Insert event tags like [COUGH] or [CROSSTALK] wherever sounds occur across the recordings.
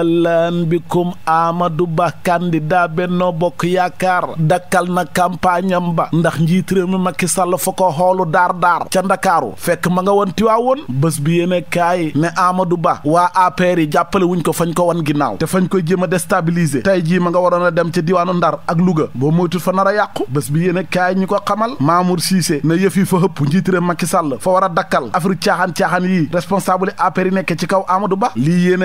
ahlan bikum Amadou Ba candidat Benno Bokk Yaakaar dakkal na campagne am ba ndax njiit réew mi Macky Sall fa ko xoolu daar daar ca Ndakaaru fekk ma nga woon Tiwaawoon bés bi yéene kaay ne Amadou Ba waa APR yi jàppale wuñ ko fañ ko wan ginnaaw te fañ koy jéem a déstabiliser tey jii ma nga waroon a dem ca diwaanu Ndar ak Louga boo moytul fa nar a yàqu bés bi yéene kaay ñu ko xamal Mamour Cissé na yëf yi fa hëpp njiit réew Macky Sall fa war a dakkal Afrique caaxaan caaxaan yii responsable APR yi nekkee ci kaw Amadou Ba lii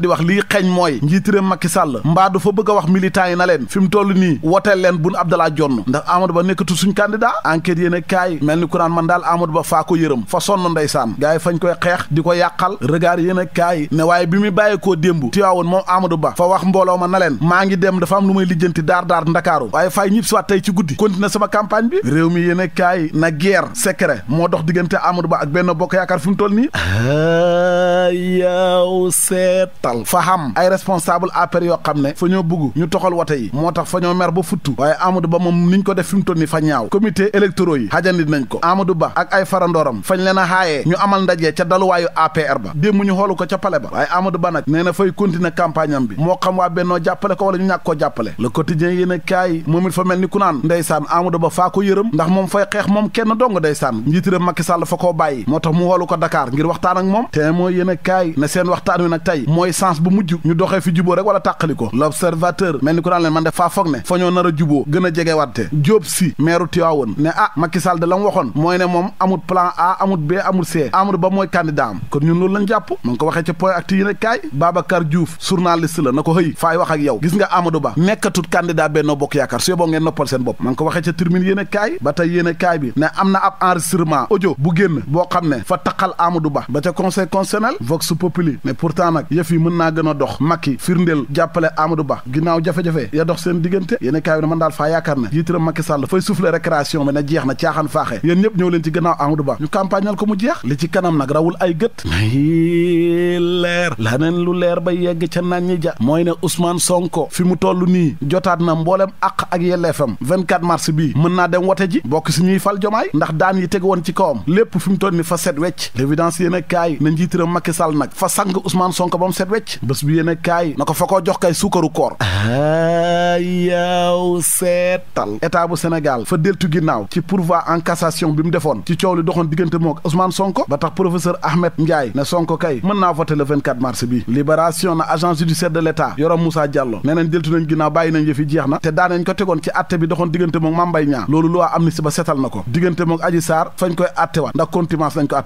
di wax lii xeeñ mooy njiitu réew Macky Sall mbaa du fa bëgg wax militant yi na leen fi mu toll nii woteel leen Boun Abdallah Dionne ndax Amadou Ba nekkatul suñ candidat enquête yéen a kaay mel ni ku naan man daal Amadou Ba faa ko yërëm fa sonn ndeysaan gars yi fañ koy xeex di ko yàqal regard yéen a kaay ne waaye bi muy bàyyeekoo démb tiwaawoon moom Amadou Ba fa wax mbooloo ma na leen maa ngi dem dafa am lu may lijjanti daar daar ndakaaru waaye fay ñib siwaat tey ci guddi continuer sama campagne bi a na guerre moo dox diggante Amadou Ba ak benn bokk yaakaar fi mu toll nii ah, yaw Sall fa xam ay responsable APR yoo xam ne fa ñoo bugg ñu toxal wote yi moo tax fa ñoo mer ba futtu waaye Amadou Ba moom niñ ko def fi mu ni fa ñaaw comité électoraux yi xajandi nañ ko Amadou Ba ak ay farandooram fañ leen a xaayee ñu amal ndaje ca daluwaayu APR ba démb ñu xoolu ko ca pale ba waaye Amadou Ba nag nee fay continuer campagne bi moo xam waa bennoo jàppale ko wala ñu ñàkk jàppale le quotidien yéen a kaay moom fa mel ni ku naan ndeysaan Amadou a sens bu mujj ñu doxee fi juboo rek wala tàqali ko l'observateur mel ni ko daan leen man de faa foog ne fa nar a juboo gën jege watte Diop si meeru Tiwaawoon ne ah Macky de la mu waxoon mooy ne moom amul plan A amul B amul C amul ba mooy candidat am kon ñun loolu lañ jàpp ma ko waxee ci point actu yi ne kaay Babacar Diouf journaliste la na ko hëy faay wax ak yow gis nga Amadou Ba nekkatut candidat Benno Bokk Yaakaar su yoboo ngeen noppal seen am na ab enregistrement audio bu génn boo xam ne mën naa gën a dox Macky firndeel jàppale Amadou Ba ginnaaw jafe-jafe ya dox seen diggante yéen kaay bi ne man daal faa yaakaar ne jiitaram Macky Sall fay souffler récréation bi ne jeex na caaxaan faaxee yéen ñëpp ñëw leen ci gannaaw Amadou Ba ñu campagnal ko mu jeex li ci kanam nag rawul ay gët leer laneen lu leer ba yegg ca naan ja mooy ne Ousmane Sonko fi mu toll nii jotaat na mbooleem àq ak yelleefam 24 bii mën naa dem wote ji bokk si ñuy a wecc bi yéen kaay na ko fa koo jox kay suukaru koor yaaw seetal état bu Sénégal fa deltu ginnaaw ci pourvoi en cassation bi mu defoon ci coow li doxoon diggante moom ak Sonko ba tax professeur Ahmed Ndiaye ne Sonko kay mën naa voté le 24 bi libération na agence judiciaire de l' état yorom Moussa Diallo nee nañ deltu nañ ginnaaw bàyyi nañ yëfi jeex na te daa nañ ko tegoon ci atte bi doxoon diggante moom Mame Mbaye Niang loolu loi amnistie ba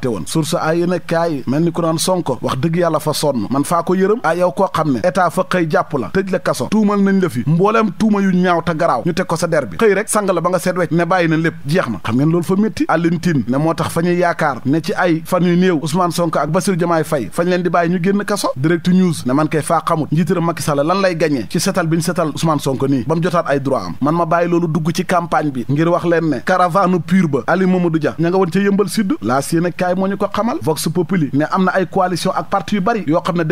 woon source ay yéen kaay mel ni ku naan Sonko yàlla fa sonn yërëm ah koo xam ne état fa xëy jàpp la tëj la kaso tuumal nañ la mbooleem tuuma yu garaaw ñu teg ko sa der xëy rek sang ba nga seet wecc ne bàyyi na lépp jeex na xam ngeen loolu fa métti àllintin ne moo tax fa yaakaar ne ci ay fan yu néew Ousmane Sonko ak Bassirou Diomaye Faye fañ leen di bàyyi ñu génn kaso direct news ne man kay faa xamut njiitaram Macky Sall lan lay gañee ci setal bi ñu setal Ousmane Sonko nii ba mu jotaat ay droit a kaay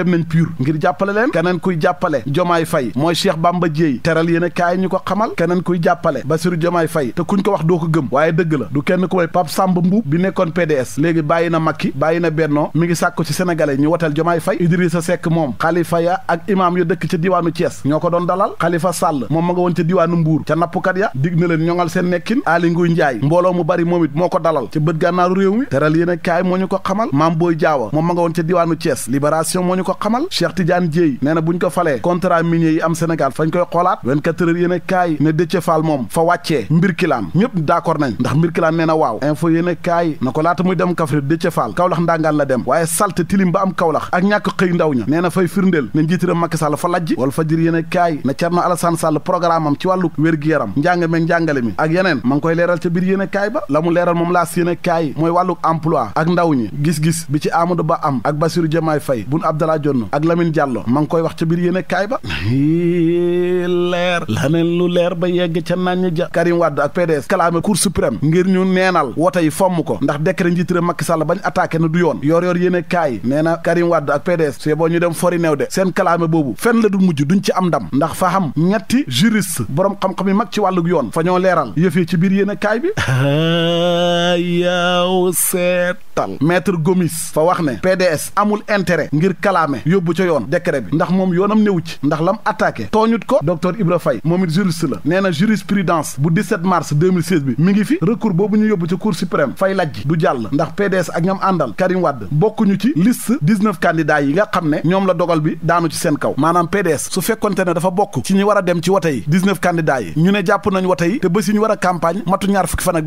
moo jur ngir jàppale leen keneen kuy jàppale jomaay fay mooy Cheikh Bamba Dièye teral yéen a kaay ñu ko xamal keneen kuy jàppale Bassirou Jomaay Fay te kuñ ko wax doo ko gëm waaye dëgg la du kenn ku may Pape Samba Mboup bi nekkoon PDS léegi bàyyi na Macky bàyyi na Benno mi ngi sàkku ci sénégalais ñu woteel jomaay fay Idrissa Seck moom Khalifa ya ak imaam yu dëkk ca diwaanu Thiès ñoo ko doon dalal Khalifa Sall moom ma nga woon ca diwaanu Mbour ca nappkat ya dig na leen ñoŋal seen nekkin Aly Ngouille Ndiaye mu bari moom moo ko dalal ca bët gànnaaru réew mi teral ko xamal Mame Boye Diawa ma nga woon ca diwaanu fal Cheikh Tidiane Dièye nee na bu ñu ko falee contrat minier yi am Sénégal fañ koy xoolaat 24 heures yéen a kaay ne Déthié Fall moom fa wàccee mbir kilaam ñëpp d'accord nañ ndax mbir kilaam nee na waaw info yéen a kaay na ko laata muy dem Kaffrine Déthié Fall Kaolack ndangaan la dem waaye salte tilim ba am Kaolack ak ñàkk xëy ndaw ña nee na fay firndeel ne njiitiram Macky Sall fa lajj wala fajir yéen a kaay ne Thierno Alassane Sall programme am ci wàllu wér-gi-yaram njàng meeg njàngale mi ak yeneen ma ngi koy leeral ca biir yéen kaay ba la mu leeral moom laas yéen a mooy wàllu emploi ak ndaw ñi gis-gis bi ci Amadou Ba am ak Bassirou Diomaye Faye Boun Abdallah Dionne ak lamin Diallo ma ngi koy wax ca biir yéen kaay ba leer laneen lu leer ba yegg ca nañ ja Karim Wade ak PDS kalaame Cour suprême ngir ñu neenal wote yi fomm ko ndax décret njiitëra Macky Sall bañ attaqué na du yoon yoor yoor yéen kaay nee na Karim Wade ak PDS c'est bon ñu dem fori neew de seen kalaame boobu fenn la du mujj duñ ci am ndam ndax fa xam ñetti juriste boroom xam-xam yi mag ci wàlluk yoon fa ñoo leeral yëf ci biir yéen kaay bi [LAUGHS] tan maître Gomis fa wax ne PDS amul intérêt ngir kalaame yóbbu ca yoon décret bi ndax moom yoonam néewu ci ndax lam attaqué tooñut ko docteur Ibra Faye moom it juriste la nee na jurisprudence bu 17 mars 2016 bi mi ngi fi recours boobu ñu yóbbu ca cour suprême fay lajj du jàll ndax PDS ak ñam àndal Karim Wade bokkuñu ci liste 19 yi nga xam ne ñoom la dogal bi daanu ci seen kaw maanaam PDS su fekkonte ne dafa bokk ci ñu war a dem ci wote yi 19 candidats yi a campagne matu ñaar fukki fan ak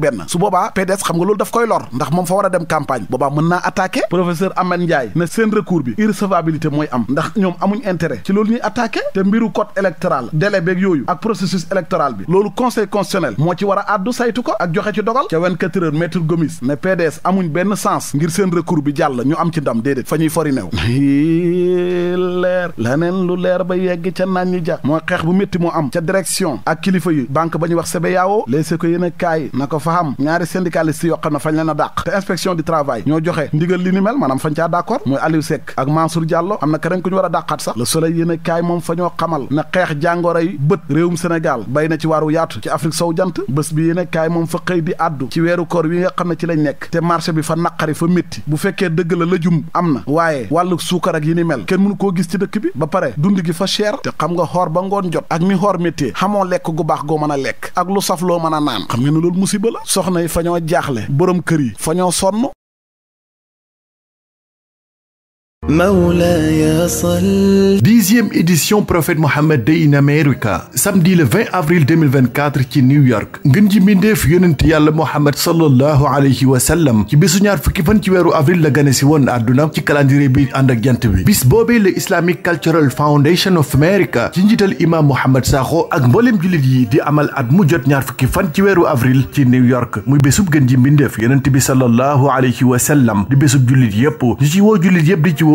campagne boobaa mën naa attaqué professeur Ahmed Ndiaye ne seen recours bi irrecevabilité mooy am ndax ñoom amuñ intérêt ci loolu ñuy attaqué te mbiru code électoral délai beeg yooyu ak processus électoral bi loolu conseil constitutionnel moo ci war a àddu saytu ko ak joxe ci dogal ca 24 heures maître Gomis ne PDS amuñ benn sens ngir seen recours bi jàll ñu am ci ndam déedéet fa ñuy fori neew [LAUGHS] leer leneen lu leer ba yegg ca naan ñi ja mooy xeex bu métti moo am ca direction ak kilifa yi banque ba ñuy wax CBAO léeg si ko na ko fa xam ñaari syndicaliste yoo xam ne travail ñoo joxe ndigal li ni mel maanaam fañ caa d'accord mooy Aliou Seck ak Mansour Diallo am na keneen ku ñu war a dàqaat sax Le Soleil yéen a kaay moom fa ñoo xamal na xeex jàngoro yi bët réewum Sénégal bay na ci waaru yaatu ci Afrique sow jant bés bi yéen kaay moom fa xëy di àddu ci weeru koor wi nga xam ne ci lañ nekk te marché bi fa naqari fa métti bu fekkee dëgg la lëjum am na waaye wàllu suukar ak yi ni mel kenn mënu koo gis ci dëkk bi ba pare dund gi fa cher te xam nga xoor ba ngoon jot ak mi xoor métier xamoo lekk gu baax goo mën a lekk ak lu saf loo a naan xam nga ne loolu musiba la soxna yi fa ñoo jaaxle kër yi Mawlaya Sall. dixième édition prophète Mohammed Day in America samedi le 20 avril 2024 ci New York ngën ji mbindeef yonent yàlla Mohammed sallallahu alayhi wa sallam ci bésu ñaar fukki fan ci weeru avril la gane si woon àdduna ci calendrier bi ànd ak jant bi bis boobee le Islamic Cultural Foundation of America ci njiital imaam Mohamed Sakho ak mbooleem jullit yi di amal at mu jot ñaar fukki fan ci weeru avril ci New York muy bésub gën ji mbindeef yonent bi sallallahu alayhi wa sallam ci woo jullit yépp di